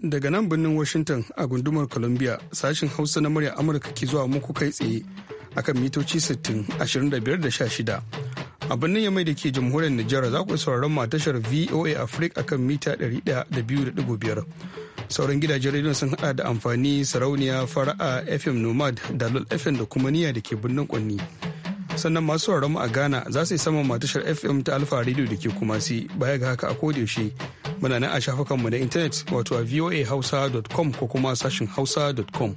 daga nan birnin washington a gundumar columbia sashin hausa na murya amurka ke zuwa muku kai tsaye akan mitoci 60 25 da 16 a birnin yamai da ke jamhuriyar nijar za ku sauraron matashar tashar voa africa akan mita 102.5 sauran gidajen rediyon sun hada da amfani sarauniya fara'a fm nomad dalol fm da kuma niya da ke birnin kwanni sannan masu sauraron mu a Ghana za su yi saman matashar FM ta Alfa Radio da ke Kumasi baya ga haka a kodayaushe muna nan a shafukanmu na intanet wato a voahausa.com ko kuma sashin hausa.com.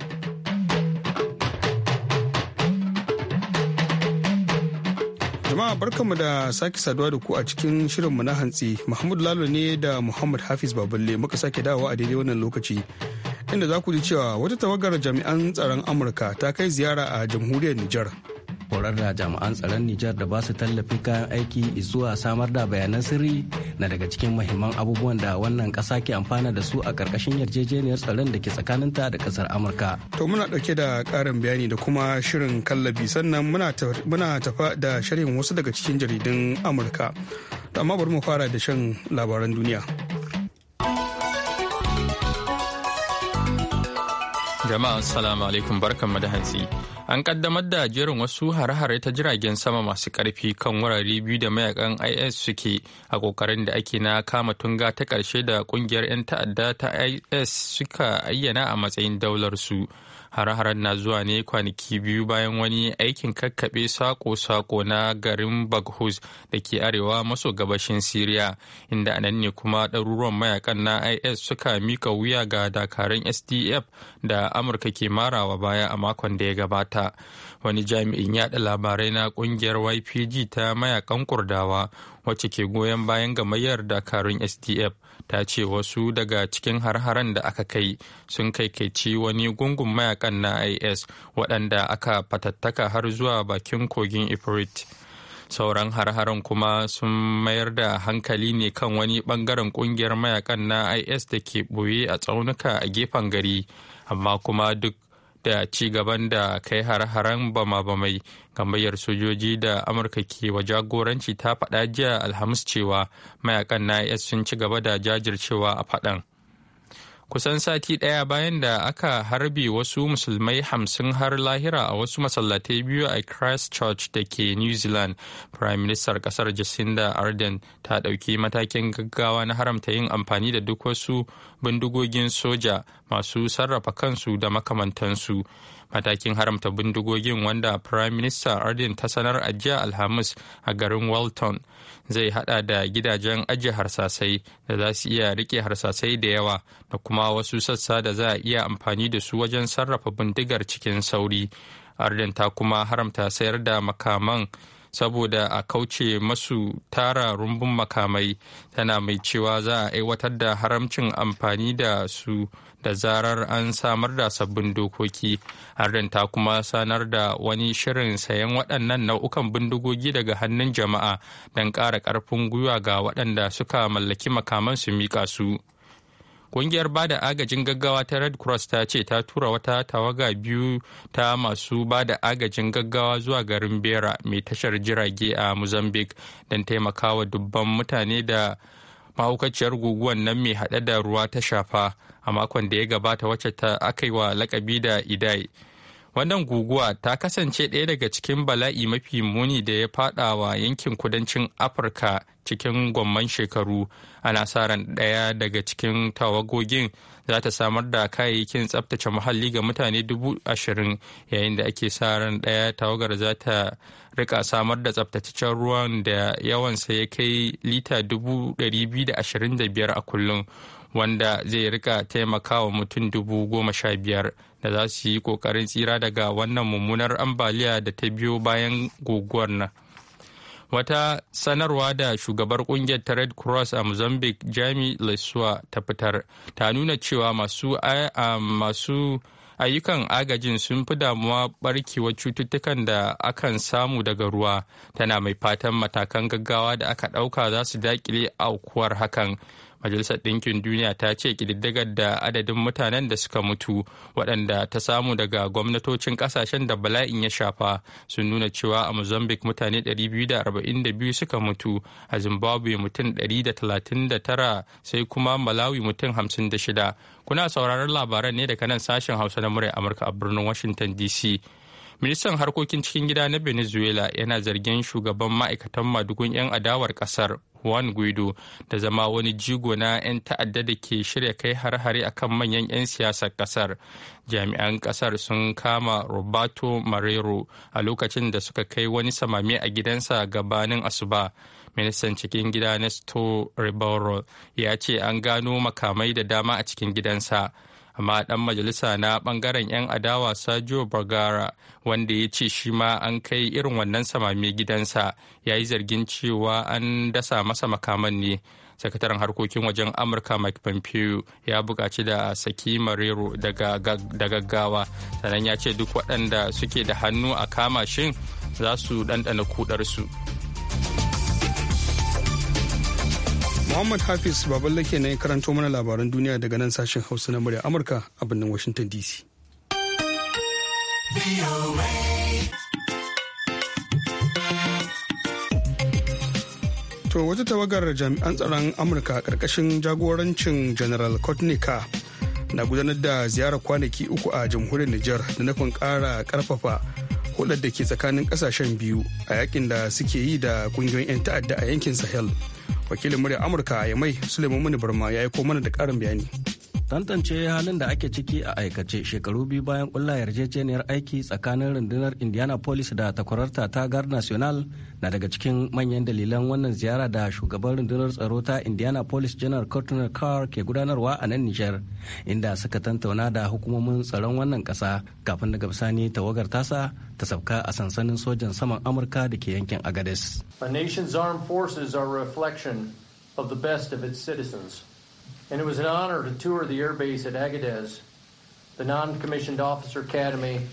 jama'a barkanmu da sake saduwa da ku a cikin shirinmu na hantsi mahmud lalo ne da muhammad hafiz baballe muka sake dawowa a daidai wannan lokaci inda za ku ji cewa wata tawagar jami'an tsaron amurka ta kai ziyara a jamhuriyar nijar horar da jami'an tsaron Nijar da ba su tallafi kayan aiki zuwa samar da bayanan sirri na daga cikin mahimman abubuwan da wannan ƙasa ke amfana da su a ƙarƙashin yarjejeniyar tsaron da ke tsakaninta da ƙasar Amurka. To muna dauke da ƙarin bayani da kuma shirin kallabi sannan muna tafa da shirin wasu daga cikin jaridun Amurka. Amma bari mu fara da shan labaran duniya. Jama'a assalamu alaikum barkan da hantsi. An kaddamar da jerin wasu hare-hare ta jiragen sama masu karfi kan wurare biyu da mayakan IS suke a kokarin da ake na kama tunga ta ƙarshe da kungiyar 'yan ta'adda ta IS suka ayyana a matsayin daular su. hare haren na zuwa ne kwanaki biyu bayan wani aikin kakkaɓe sako-sako na garin Baghuz da ke arewa maso gabashin Siriya, inda anan ne kuma ɗaruruwan mayakan na IS suka mika wuya ga dakarun SDF da Amurka ke marawa baya a makon da ya gabata. Wani jami'in yaɗa labarai na ƙungiyar YPG ta mayakan Kurdawa wacce ke goyon bayan gamayyar dakarun sdf ta ce wasu daga cikin har-haren da aka kai sun kaikaici wani gungun mayakan na is waɗanda aka fatattaka har zuwa bakin kogin ifrit sauran har-haren kuma sun mayar da hankali ne kan wani bangaren ƙungiyar mayakan na is da ke ɓoye a tsaunuka a gefen gari amma kuma duk da ci gaban da kai har-haren bama-bamai gambayar sojoji da amurka ke wa jagoranci ta faɗa jiya alhamis cewa mayakan na is sun ci gaba da jajircewa a faɗan kusan sati ɗaya bayan da aka harbi wasu musulmai hamsin har lahira a wasu masallatai biyu a christchurch da ke new zealand prime minister kasar jacinda arden ta ɗauki matakin gaggawa na haramta yin amfani da duk wasu bindigogin soja masu sarrafa kansu da makamantansu matakin haramta bindigogin wanda prime minister ardin ta sanar a jiya alhamis a garin walton zai hada da gidajen ajiye harsasai da za su iya rike harsasai da yawa da kuma wasu sassa da za a iya amfani da su wajen sarrafa bindigar cikin sauri ardin ta kuma haramta sayar da makaman saboda a kauce masu tara rumbun makamai tana mai cewa za a aiwatar da haramcin amfani da su da zarar an samar da sabbin dokoki harin ta kuma sanar da wani shirin sayan waɗannan nau'ukan bindigogi daga hannun jama'a don ƙara ƙarfin gwiwa ga waɗanda suka mallaki makaman su miƙa su Ƙungiyar bada agajin gaggawa ta Red Cross ta ce ta tura wata tawaga biyu ta masu ba da agajin gaggawa zuwa garin Bera mai tashar jirage a Mozambique don taimakawa dubban mutane da mahaukaciyar guguwan nan mai haɗe da ruwa ta shafa a makon da ya gabata wacce ta aka yi wa lakabi da idai wannan guguwa ta kasance ɗaya daga cikin bala'i mafi muni da ya fada wa yankin kudancin afirka cikin gwamman shekaru ana sa ran ɗaya daga cikin tawagogin za ta samar da kayayyakin tsabtace muhalli ga mutane dubu ashirin yayin da ake sa ran ɗaya tawagar za ta rika samar da tsabtataccen ruwan da yawansa ya kai lita dubu da biyar a kullum wanda zai rika taimakawa mutum dubu goma sha biyar da za su yi kokarin tsira daga wannan mummunar ambaliya da ta biyo bayan guguwar nan wata sanarwa da shugabar kungiyar ta red cross a mozambique jami lesua ta fitar ta nuna cewa masu ayyukan agajin sun fi damuwa barkewar cututtukan da akan samu daga ruwa tana mai fatan matakan gaggawa da aka ɗauka za su dakile aukuwar hakan Majalisar Ɗinkin Duniya ta ce ƙididdigar da adadin mutanen da suka mutu waɗanda ta samu daga gwamnatocin ƙasashen da bala'in ya shafa sun nuna cewa a Mozambique mutane 242 suka mutu, a Zimbabwe mutum 139 sai kuma Malawi mutum 56. Kuna sauraron labaran ne daga nan sashen Hausa na murai Amurka a birnin Washington DC. ministan harkokin cikin gida na venezuela yana zargin shugaban ma'aikatan madugun 'yan adawar kasar juan guido da zama wani jigo na 'yan ta'adda da ke shirya kai har-hare akan manyan 'yan siyasar kasar jami'an kasar sun kama roberto marrero a lokacin da suka kai wani samami a gidansa gabanin asuba ministan cikin gida nesto ribeiro ya ce an gano makamai da dama a cikin gidansa amma dan majalisa na bangaren 'yan adawa Sajo Vergara wanda ya ce shi ma an kai irin wannan samami gidansa ya yi zargin cewa an dasa masa makaman ne. sakataren harkokin wajen amurka mike pompeo ya buƙaci da saki marero da gaggawa sannan ya ce duk waɗanda suke da hannu a kama shin za su ɗanɗana kuɗarsu. Muhammad Hafiz Baballe ke nan karanto mana labaran duniya daga nan sashen Hausa na murya Amurka a birnin Washington DC. To wata tawagar jami'an tsaron Amurka ƙarƙashin jagorancin General Kotnika na gudanar da ziyarar kwanaki uku a jamhuriyar Nijar da nufin ƙara ƙarfafa hulɗar da ke tsakanin ƙasashen biyu a yakin da suke yi da ƙungiyoyin 'yan ta'adda a yankin Sahel. wakilin murya amurka ya mai suleiman muni barma ya aiko mana da karin bayani Tantance halin da ake ciki a aikace shekaru biyu bayan kulla yarjejeniyar aiki tsakanin rundunar Indianapolis da takwararta ta gar National na daga cikin manyan dalilan wannan ziyara da shugaban rundunar tsaro ta Indianapolis General Cotton Carr ke gudanarwa a nan Nijar inda suka tantauna da hukumomin tsaron wannan kasa kafin daga bisani tawagar tasa ta sauka a sansanin sojan saman Amurka da ke yankin Agades. A nation's armed forces are a reflection of the best of its citizens. and it was an honor to tour the airbase at Agadez, the non-commissioned officer academy,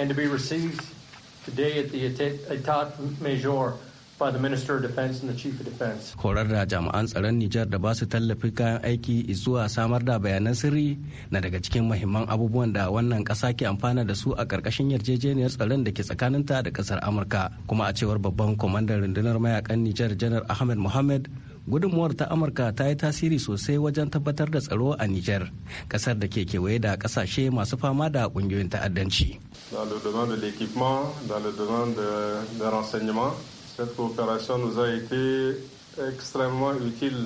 and to be received today at the Etat Major by the Minister of Defense and the Chief of Defense. Korar da jami'an tsaron Nijar da ba su tallafi kayan aiki zuwa samar da bayanan sirri na daga cikin mahimman abubuwan da wannan ƙasa ke amfana da su a ƙarƙashin yarjejeniyar tsaron da ke tsakaninta da ƙasar Amurka. Kuma a cewar babban kwamandan rundunar mayakan Nijar Janar Ahmed Mohamed gudunmuwar ta amurka ta yi tasiri sosai wajen tabbatar da tsaro a niger kasar da ke kewaye da kasashe masu fama da kungiyoyin ta'addanci extrêmement utile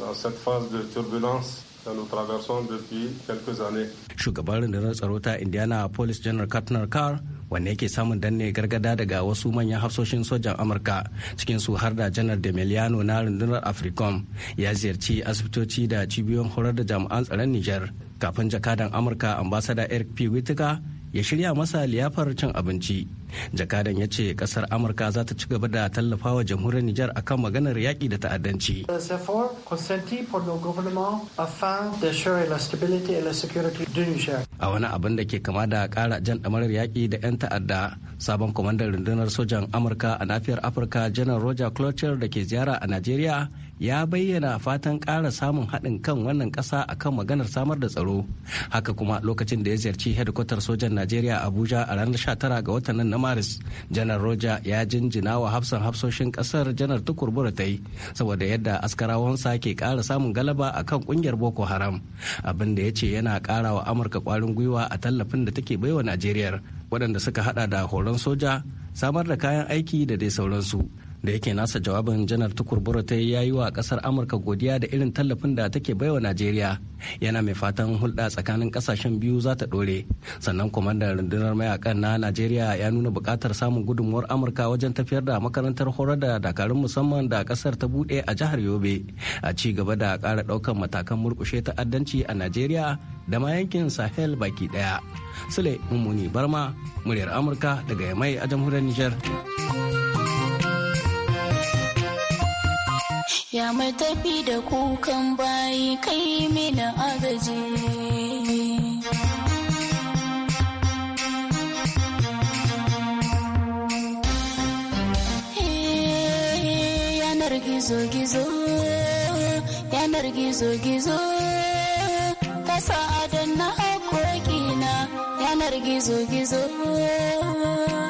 dans cette phase de turbulence nous traversons depuis quelques années. Shugaban rundunar tsaro ta Indiana Police General Katner Carr wanne yake samun danne gargada daga wasu manyan hafsoshin sojan Amurka cikin su har da Janar Demeliano na rundunar Africom ya ziyarci asibitoci da cibiyoyin horar da jami'an tsaron Niger kafin jakadan Amurka ambasada Eric P. Witika ya shirya masa liyafar cin abinci. jakadan ya ce kasar amurka za ta ci gaba da tallafa wa jamhuriyar nijar akan maganar yaƙi da ta'addanci a wani abin da ke kama da kara jan ɗamarar yaƙi da 'yan ta'adda sabon kwamandan rundunar sojan amurka a nafiyar afirka janar roger clotier da ke ziyara a najeriya ya bayyana fatan ƙara samun haɗin kan wannan ƙasa kan maganar samar da tsaro haka kuma lokacin da ya ziyarci hedikwatar sojan najeriya abuja a ranar 19 ga watan nan maris janar roja ya jinjina wa hafsan hafsoshin kasar janar tukurbura ta yi saboda yadda askarawansa ke kara samun galaba a kan kungiyar boko haram abin da ya ce yana kara wa amurka kwarin gwiwa a tallafin da take baiwa najeriya waɗanda suka hada da horon soja samar da kayan aiki da dai sauransu da yake nasa jawabin janar tukur ta ya yi wa kasar amurka godiya da irin tallafin da take baiwa najeriya yana mai fatan hulɗa tsakanin kasashen biyu za ta ɗore sannan kwamandan rundunar mayakan na najeriya ya nuna buƙatar samun gudunmuwar amurka wajen tafiyar da makarantar horar da dakarun musamman da kasar ta buɗe a jihar yobe a ci gaba da ƙara ɗaukar matakan murkushe ta'addanci a najeriya da ma yankin sahel baki ɗaya sule mummuni barma muryar amurka daga yamai a jamhuriyar nijar. Allah tafi da kukan bayi kai mini agaji. yanar gizo-gizo yanar gizo-gizo ta adan na haƙoƙina yanar gizo-gizo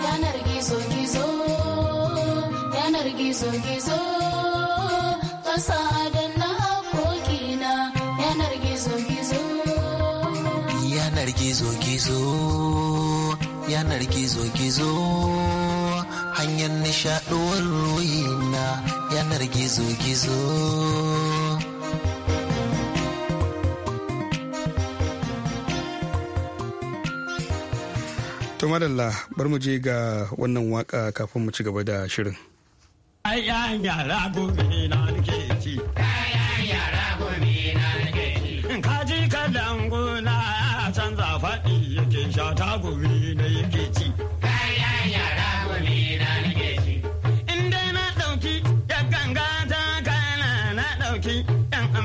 yanar gizo-gizo yanar gizo-gizo ƙasa da na yanar gizo-gizo. Yanar gizo-gizo, yanar gizo-gizo, hanyar nishaɗuwar ruhina yanar gizo-gizo. To madalla bar mu je ga wannan waka kafin mu ci gaba da shirin.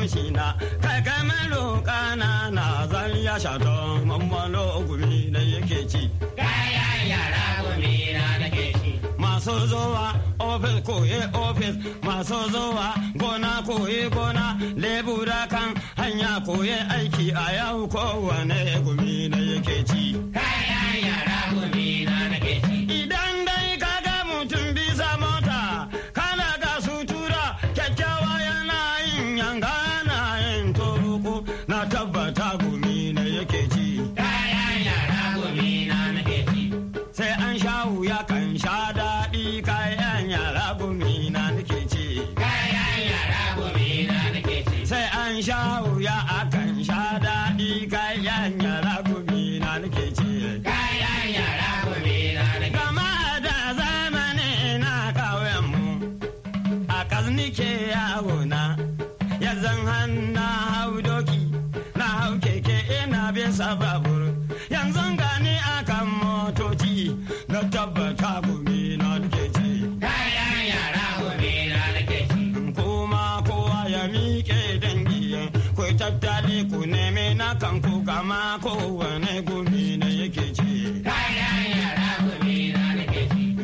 amshi na kai malo kana na zan ya shato mammalo gumi na yake ci kaya yara gumi na nake ci masu zuwa ofis koye ofis maso zuwa gona koye gona lebura kan hanya koye aiki a yau kowane gumi da yake ci kaya yara gumi na amma kowane gumi na yake ci. na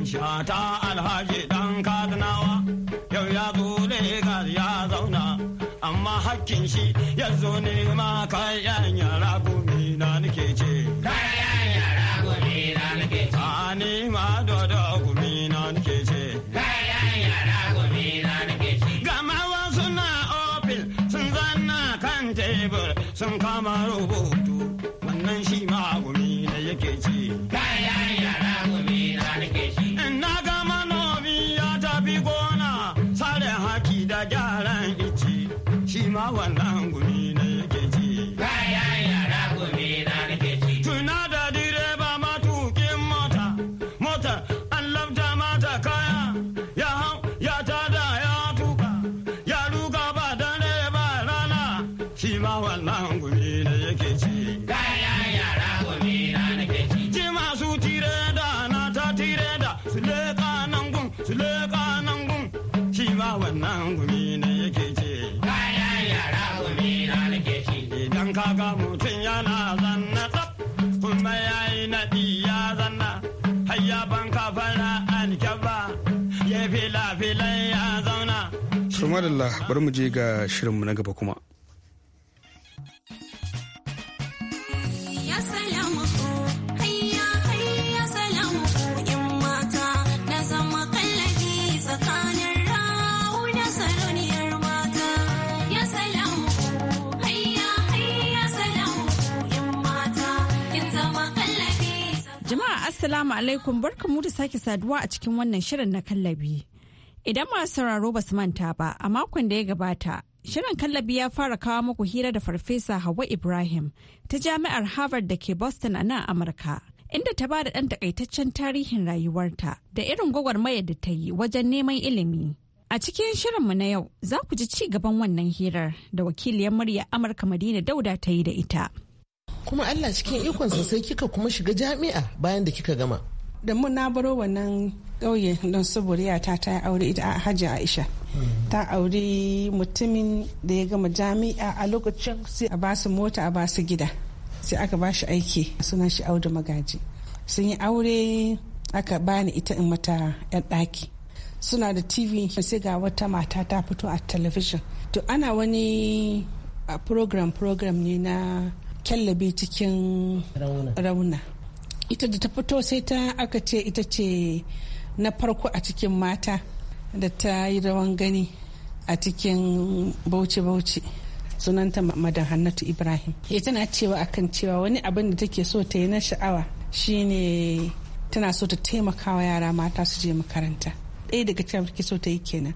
Shata alhaji dan kadinawa yau ya zo Legas ya zauna amma hakkin shi ya zo ma kayan yara gumi na nake ce Kayan madalla bari mu je ga shirinmu na gaba kuma. Jama'a Assalamu alaikum barkamu da sake saduwa a cikin wannan shirin na kallabi. Idan masu sauraro ba su manta ba, a makon da ya gabata, shirin kallabi ya fara kawo muku hira da farfesa Hawa Ibrahim ta jami'ar Harvard da ke Boston a nan Amurka. Inda ta ba da ɗan takaitaccen tarihin rayuwarta da irin gwagwarmayar da ta yi wajen neman ilimi. A cikin shirinmu na yau za ku ji ci gaban wannan hirar da wakiliyar murya Amurka Madina Dauda ta yi da ita. Kuma Allah cikin ikonsa sai kika kuma shiga jami'a bayan da kika gama. Da mun na baro wannan ƙauye don saboda yata ta aure ita a hajji aisha ta auri mutumin da ya gama jami'a a lokacin sai a ba su mota a ba su gida sai aka ba shi aiki suna shi auda magaji sun yi aure aka bani ita in mata yan ɗaki suna da tv sai ga wata mata ta fito a talabijin to ana wani program program ne na kyallabe cikin rauna ita da ta fito sai ta aka ce ita ce na farko a cikin mata da ta yi rawan gani a cikin bauchi-bauchi sunanta madan hannatu ibrahim ita eh, tana cewa akan cewa wani abin da take so ta yi na sha'awa shine tana so ta taimaka wa yara mata su je makaranta ɗaya daga cikin take so ta yi kenan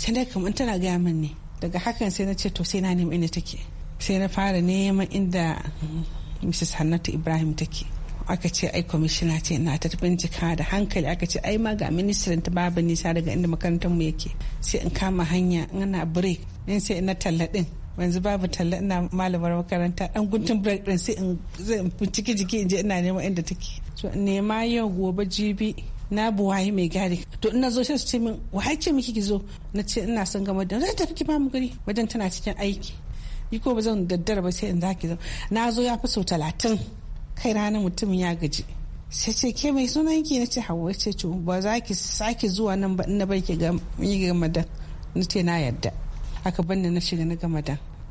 can da kamar tana gaya min ne daga hakan sai na ce to sai na nemi inda take sai na fara neman inda mrs hannatu ibrahim take aka ce ai kwamishina ce na ta bincika da hankali aka ce ai ma ga ministan ta babu nisa daga inda makarantar mu yake sai in kama hanya in ana break in sai ina talla din yanzu babu talla ina malamar makaranta dan guntun break din sai in ciki jiki in je ina neman inda take so nema yau gobe jibi na buwaye mai gari to ina zo sai su ce min wahai ce miki ki zo na ce ina son gama da zai tafi ki ba mu gari wajen tana cikin aiki yi ko ba zan daddara ba sai in zaki zo na zo ya fi sau talatin kai rana mutum ya gaji sai ce ke mai sunan ki na ce hawa ce ce ba za ki sake zuwa nan ba na bai ki ga madan na ce na yadda aka banni na shiga na gama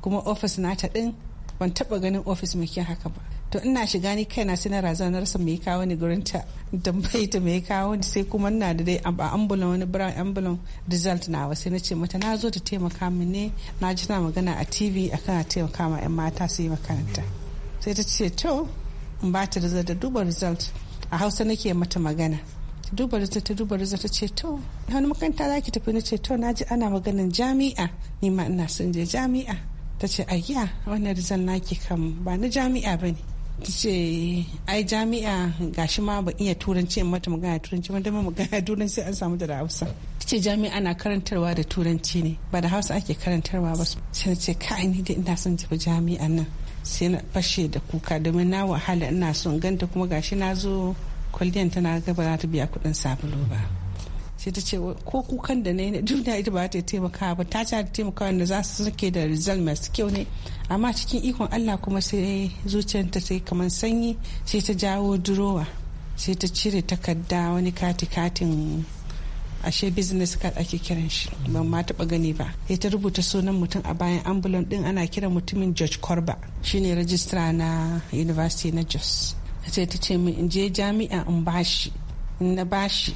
kuma ofis na ta din ban taba ganin ofis mai kyan haka ba to ina shiga ni kaina sai na na rasa mai kawo ni gurin ta tambayi ta mai kawo ni sai kuma ina da dai ambulan wani brown ambulan result na wa sai na ce mata na zo ta taimaka min ne na ji na magana a tv akan a taimaka ma yan mata su makaranta sai ta ce to ba ta da duba result a hausa nake mata magana duba da ta duba da ta ce to wani makanta za ki tafi na ce to na ji ana maganin jami'a ni ma ina son je jami'a ta ce ayya wannan rizal naki kan ba na jami'a ba ne ta ce ai jami'a gashi ma ba iya turanci in mata magana turanci wanda dama magana turanci an samu da hausa ta ce jami'a na karantarwa da turanci ne ba da hausa ake karantarwa ba sai ce ka ni da ina son tafi jami'a nan sai na fashe da kuka domin na wahala ina son ganta kuma gashi na zo kwalliyan tana gaba za ta biya kuɗin sabulu ba sai ta ce ko kukan da na yi duniya ita ba ta taimaka ba ta ta taimaka wanda za su suke da result masu kyau ne amma cikin ikon allah kuma sai zuciyarta sai kamar sanyi sai ta jawo durowa sai ta cire takarda wani kati katin ashe business card ake kiran shi ban ma taba gani ba ya ta rubuta sunan mutum a bayan ambulan din ana kiran mutumin George Korba shine registrar na university na Jos sai ta ce min in je jami'a in bashi in na bashi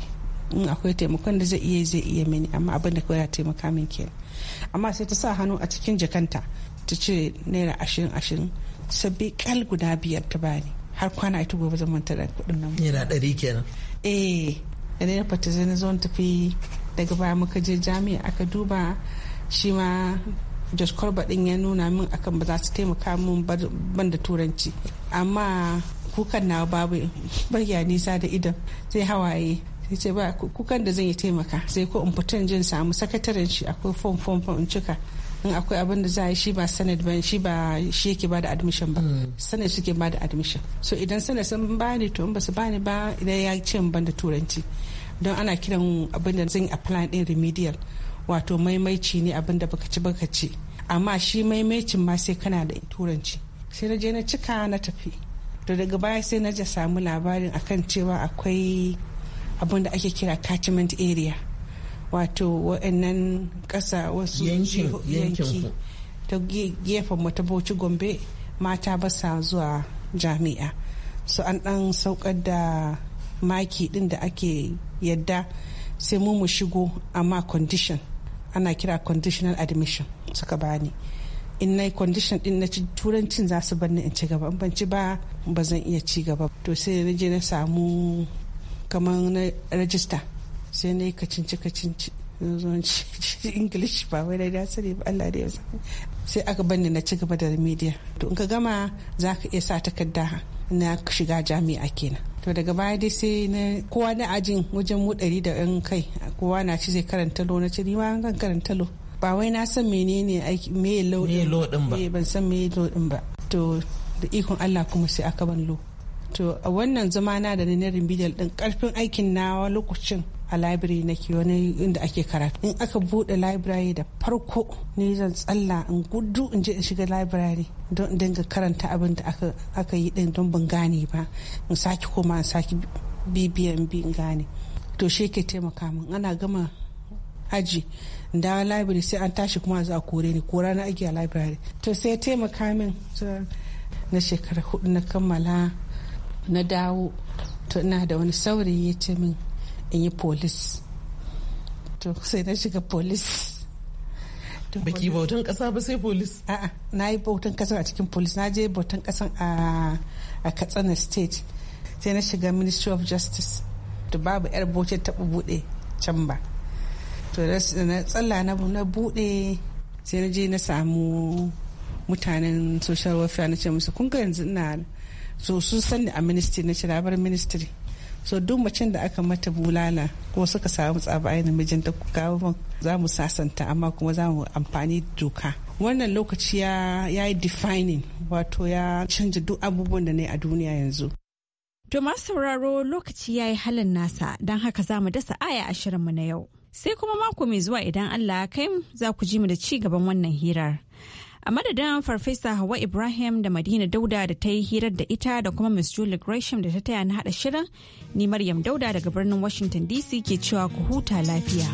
in akwai taimakon da zai iya zai iya mini amma abin da kawai taimaka min kenan amma sai ta sa hannu a cikin jakanta ta ce naira ashirin ashirin sabbi kal guda biyar ta bani har kwana ita gobe zan manta da kuɗin nan. Naira ɗari kenan. Eh da na fata zai zo tafi daga baya muka je jami'a aka duba shi ma Josh Corba din ya nuna min akan ba za su taimaka min ban da turanci amma kukan na babu bayya nisa da idan sai hawaye sai ce ba kukan da zan yi taimaka sai ko in fita jin samu sakataren shi akwai fom fom fom in cika in akwai abin da za a yi shi ba sanad ba shi ba shi yake ba da admission ba hmm. sanad suke ba da admission so idan sanad sun ni to in ba su ba ni ba idan ya ce ban da turanci don ana kiran abin da zan apply din remedial wato maimaici ne abin da baka ci baka ci amma shi maimaicin ma sai kana da turanci sai na je na cika na tafi to daga baya sai na samu labarin akan cewa akwai abin da ake kira catchment area wato wa'annan ƙasa wasu yanki ta gefen mu ta bauchi gombe mata ba sa zuwa jami'a su an dan saukar da maki din da ake yadda sai mu mu shigo amma condition ana kira conditional admission suka bani in na condition din na ci turancin za su bar in ci gaba in ban ci ba ba zan iya ci gaba to sai na je na samu kamar na register. sai na yi kacinci kacinci zon english ba wai da sani ba Allah da ya sai aka bani na ci gaba da media to in ka gama za ka iya sa takarda na shiga jami'a kenan to daga baya dai sai na kowa na ajin wajen mu ɗari da yan kai kowa na ci zai karanta lo na ci ni ma kan karanta lo ba wai na san menene aiki me lo din ba eh, ban san me ya din ba to da ikon Allah kuma sai aka ban lo to a wannan zama na da na remedial din karfin aikin na lokacin a library nake wani inda ake karatu in aka bude library da farko ni zan tsalla in gudu in je in shiga library don in dinga karanta abin da aka yi din don ban gane ba in sake koma in sake bibiyan bi in gane to shi ke taimaka min ana gama aji da library sai an tashi kuma za a kore ni kora na ake a library to sai taimaka min na shekara hudu na kammala na dawo to ina da wani saurayi ya ce min in yi polis to sai na shiga polis baki bautan kasa ba sai polis na yi bautan kasa a cikin polis na je bautan kasa a katsina state sai na shiga ministry of justice to babu yar bauta taɓa buɗe can ba to na tsalla na buɗe sai na je na samu mutanen social welfare na ce musu kunga yanzu ina so sun sani a ministry na ce ministry so duk macen da aka mata bulala ko suka samu tsaba ainihin mijinta ku kawo za mu sasanta amma kuma za mu amfani doka wannan lokaci ya yi defining wato ya canja duk abubuwan da ne a duniya yanzu To masu sauraro lokaci ya yi halin nasa don haka za mu dasa aya a mu na yau. Sai kuma mako mai zuwa idan Allah ya kai za ku ji mu da ci gaban wannan hirar. A madadin Farfesa Hawa Ibrahim da Madina Dauda da ta yi hirar da ita da kuma Miss Julie Gresham da ta taya na haɗa shirin, ni Maryam Dauda daga birnin Washington DC ke cewa ku huta lafiya.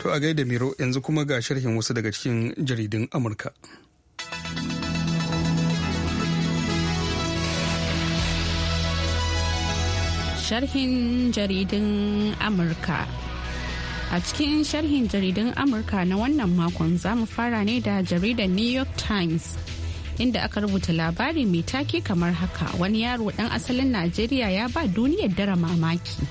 To a gaida Miro yanzu kuma ga sharhin wasu daga cikin jaridun Amurka. sharhin jaridin Amurka. A cikin sharhin jaridun Amurka na wannan makon za mu fara ne da jaridar New York Times. Inda aka rubuta labari mai take kamar haka wani yaro ɗan asalin Najeriya ya ba duniyar dara mamaki.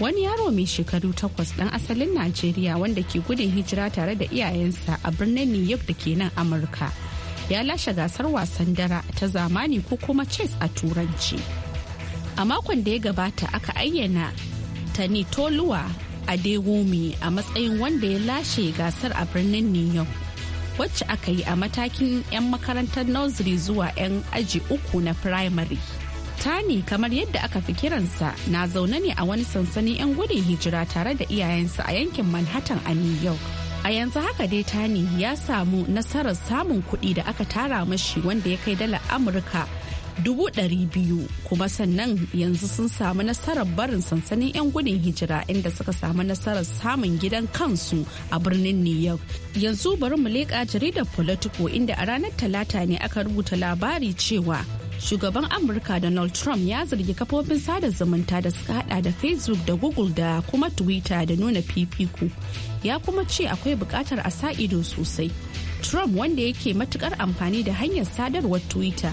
Wani yaro mai shekaru takwas ɗan asalin Najeriya wanda ke gudun hijira tare da iyayensa a birnin New York da ke nan Amurka. Ya lashe gasar wasan dara ta zamani ko kuma chess a turanci. a makon da ya gabata aka ayyana tani toluwa a dewumi a matsayin wanda ya lashe gasar a birnin new york wacce aka yi a matakin 'yan makarantar nursery zuwa 'yan aji uku na primary tani kamar yadda aka fi kiransa na zaune ne a wani sansanin 'yan gudun hijira tare da iyayensa a yankin manhattan a new york a yanzu haka dai tani ya samu nasarar samun kuɗi da aka tara mashi wanda ya kai dala amurka biyu kuma sannan yanzu sun samu nasarar barin sansanin 'yan gudun hijira inda suka samu nasarar samun gidan kansu a birnin new york yanzu bari mu leƙa jaridar politico inda a ranar talata ne aka rubuta labari cewa shugaban amurka donald trump ya zargi kafofin sada zumunta da suka hada da facebook da google da kuma twitter da nuna fifiko ya kuma ce akwai bukatar a sa ido sosai trump wanda yake matukar amfani da hanyar sadarwar twitter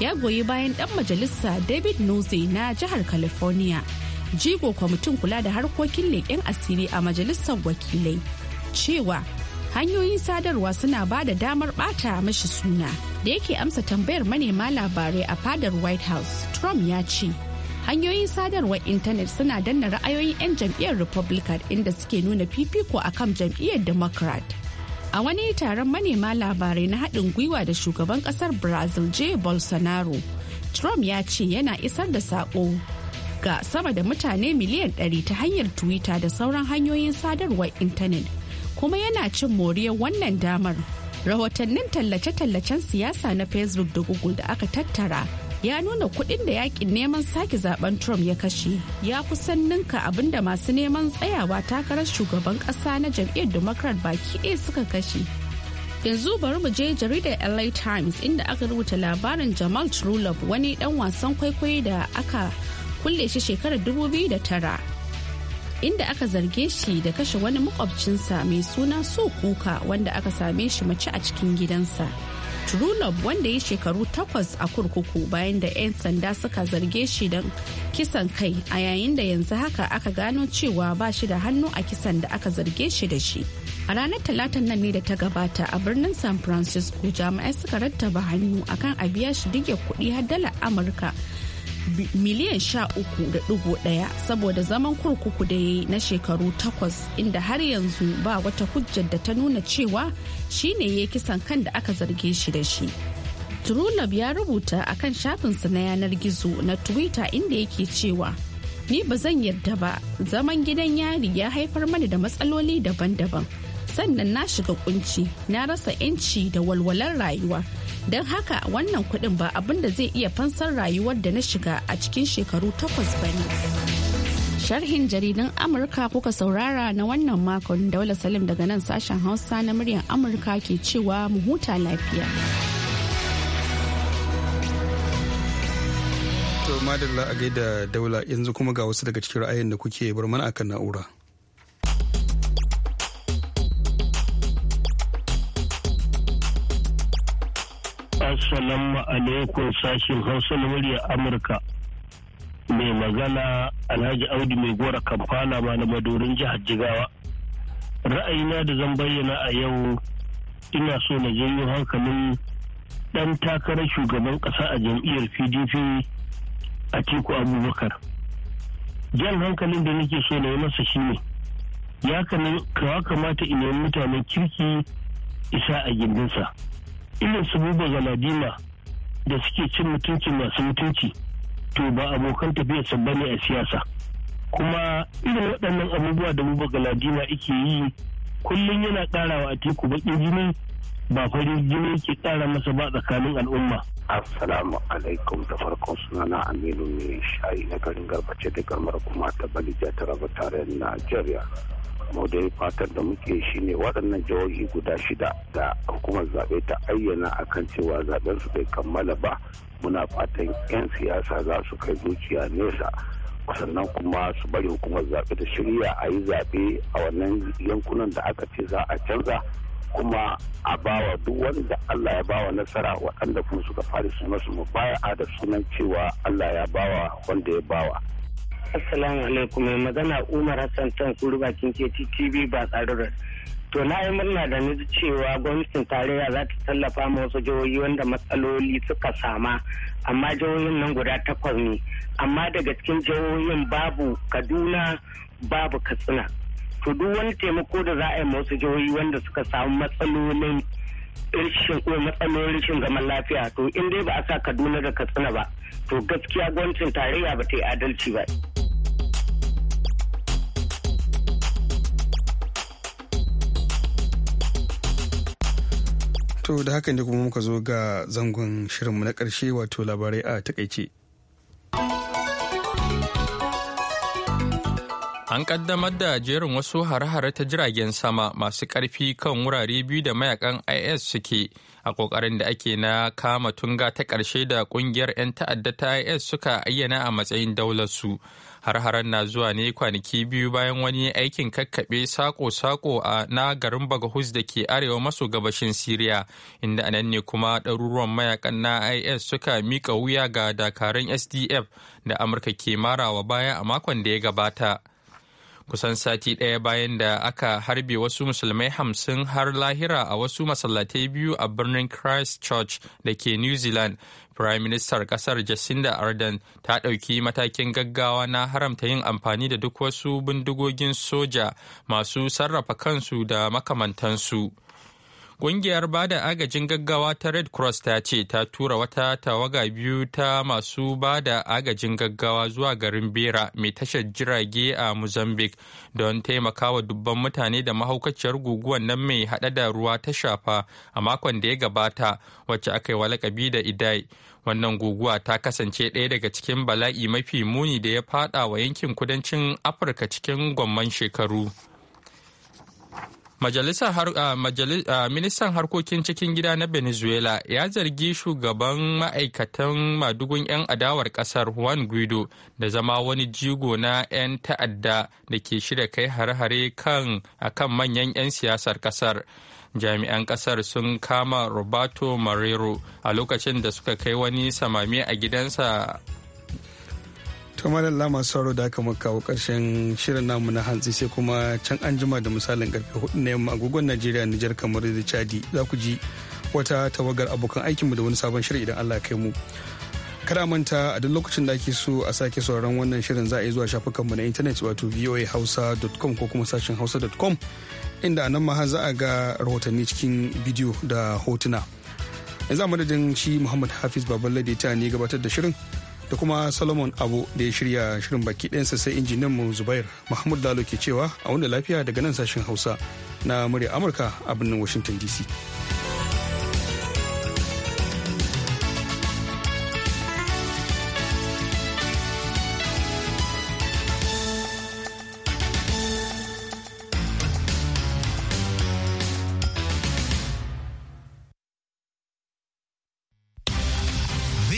ya goyi bayan dan majalisa david nuzi na jihar california jigo kwamitin kula da harkokin leƙen asiri a majalisar wakilai cewa hanyoyin sadarwa suna ba da damar bata mashi suna da yake amsa tambayar manema labarai a fadar white house trump ya ce hanyoyin sadarwar intanet suna danna ra'ayoyin 'yan jam'iyyar republican inda suke nuna fifiko kan jam'iyyar democrat a wani taron manema labarai na haɗin gwiwa da shugaban ƙasar brazil j bolsonaro trump ya ce yana isar da saƙo ga sama da mutane miliyan 100 ta hanyar twitter da sauran hanyoyin sadarwar intanet kuma yana cin moriyar wannan damar rahotannin tallace-tallacen siyasa na facebook da google da aka tattara ya nuna kuɗin da yakin neman sake zaben Trump ya kashe ya kusan ninka abinda masu neman tsayawa takarar shugaban ƙasa na jam'iyyar Democrat baki ɗaya suka kashe. yanzu bari mu je jaridar la times inda aka rubuta labarin jamal trulov wani dan wasan kwaikwayo da aka kulle shi shekarar 2009 inda aka zarge shi da kashe wani makwabcinsa mai suna so kuka wanda aka same shi mace a cikin gidansa Trulob wanda ya shekaru takwas a kurkuku bayan da 'yan sanda suka zarge shi don kisan kai a yayin da yanzu haka aka gano cewa ba shi da hannu a kisan da aka zarge shi da shi. A ranar talatan nan ne da ta gabata a birnin San Francisco jami'ai suka rattaba hannu akan a biya shi dige kuɗi har dala Amurka miliyan sha uku da dugu daya saboda zaman kurkuku da ya yi na shekaru takwas inda har yanzu ba wata hujjar da ta nuna cewa shine ya kisan kan da aka zarge shi da shi. Trulab ya rubuta a kan shafinsa na yanar gizo na Twitter inda yake cewa, Ni ba zan yarda ba, zaman gidan yari ya haifar mani da matsaloli daban-daban. Sannan na shiga kunci, na rasa 'yanci da walwalar rayuwa. don haka wannan kudin ba abin da zai iya fansar rayuwar da na shiga a cikin shekaru takwas ba ne sharhin jaridan amurka kuka saurara na wannan makon daula salim daga nan sashen hausa na muryar amurka ke cewa mu huta lafiya to madalla a gaida daula yanzu kuma ga wasu daga cikin ra'ayin da kuke bar mana akan na'ura Assalamu alaikum sashen Hausa na murya Amurka. Mai magana Alhaji Audu mai gora kamfana ma na madorin jihar Jigawa. Ra'ayina da zan bayyana a yau ina so na janyo hankalin ɗan takarar shugaban ƙasa a jam'iyyar PDP a Tiku Abubakar. Jan hankalin da nake so na yi masa shi ne ya kamata in yi mutanen kirki isa a gindinsa. irin su buba galadima da suke cin mutunci masu mutunci to ba abokan tafiya ba ne a siyasa kuma irin waɗannan abubuwa da buba galadima ike yi kullum yana ƙarawa a teku baƙin jini ba farin jini ke ƙara masa ba tsakanin al'umma. Assalamu alaikum da farkon sunana Aminu mai shayi na garin garbace da garmar kuma ta Balija ta raba tarayyar Najeriya. mu dai fatan da muke shi ne waɗannan jawabi guda shida da hukumar zaɓe ta ayyana a kan cewa zaɓen su bai kammala ba muna fatan 'yan siyasa za su kai zuciya nesa sannan kuma su bari hukumar zaɓe da shirya a yi zaɓe a wannan yankunan da aka ce za a canza kuma a bawa duk wanda Allah ya bawa nasara waɗanda kuma suka fara su masu mubaya da sunan cewa Allah ya bawa wanda ya bawa Assalamu alaikum mai magana Umar Hassan Tan kuru bakin tv ba tsarurar. To na yi murna da ni cewa gwamnatin tarayya za ta tallafa ma wasu jihohi wanda matsaloli suka sama amma jihohin nan guda takwas ne amma daga cikin jihohin babu Kaduna babu Katsina. To duk wani taimako da za a yi ma wasu jihohi wanda suka samu matsalolin rishin ko matsalolin rishin zaman lafiya to in dai ba a sa kaduna da katsina ba to gaskiya gwamnatin tarayya ba ta yi adalci ba. To da haka ne kuma muka zo ga zangon shirinmu na ƙarshe wato labarai a takaice. An kaddamar da jerin wasu hare-hare ta jiragen sama masu ƙarfi kan wurare biyu da mayakan IS suke a ƙoƙarin da ake na kama tunga ta ƙarshe da ƙungiyar 'yan ta'adda ta IS suka ayyana a matsayin daular su. har-haren na zuwa ne kwanaki biyu bayan wani aikin kakkaɓe sako-sako a na garin bagahus da ke arewa maso gabashin syria inda anan ne kuma ɗaruruwan mayakan na is suka miƙa wuya ga dakarun sdf da amurka ke marawa baya a makon da ya gabata kusan sati ɗaya bayan da aka harbe wasu musulmai hamsin har lahira a wasu masallatai biyu a birnin christchurch da ke new zealand Prime Minister kasar Jacinda Ardern ta ɗauki matakin gaggawa na haramta yin amfani da duk wasu bindigogin soja masu sarrafa kansu da makamantansu. Ƙungiyar bada agajin gaggawa ta Red Cross ta ce ta tura wata tawaga biyu ta masu ba da agajin gaggawa zuwa garin Bera mai tashar jirage a Mozambique don taimakawa dubban mutane da mahaukaciyar guguwar nan mai hada da ruwa ta shafa a makon da ya gabata wacce aka yi wa lakabi da Idai. Wannan guguwa ta kasance ɗaya daga cikin bala'i mafi muni da ya fada wa yankin kudancin Afirka cikin gomman shekaru. Ah, ah, ministan harkokin cikin gida na Venezuela ya zargi shugaban ma'aikatan madugun 'yan adawar kasar Juan Guido da zama wani jigo na 'yan ta'adda da ke shirya kai hare-hare kan manyan 'yan siyasar kasar. Jami'an kasar sun kama Roberto Marrero a lokacin da suka kai wani samami a gidansa to tumaralla masu sauro da aka kawo karshen shirin namu na hantsi sai kuma can an jima da misalin karfe hudu na yamma agogon najeriya nijar kamar da chadi za ku ji wata tawagar abokan aikinmu da wani sabon shirin idan allah kai mu kada manta a duk lokacin da ake so a sake sauraron wannan shirin za a yi zuwa shafukanmu na intanet wato voahausa.com ko kuma sashen hausa.com inda a nan ma za a ga rahotanni cikin bidiyo da hotuna yanzu a madadin shi muhammad hafiz da ta ne gabatar da shirin da kuma solomon abu da ya shirya shirin baki ɗansa sai injiniyan mu zubair mahmud lalo ke cewa a wanda lafiya daga nan sashen hausa na murya amurka a birnin washington dc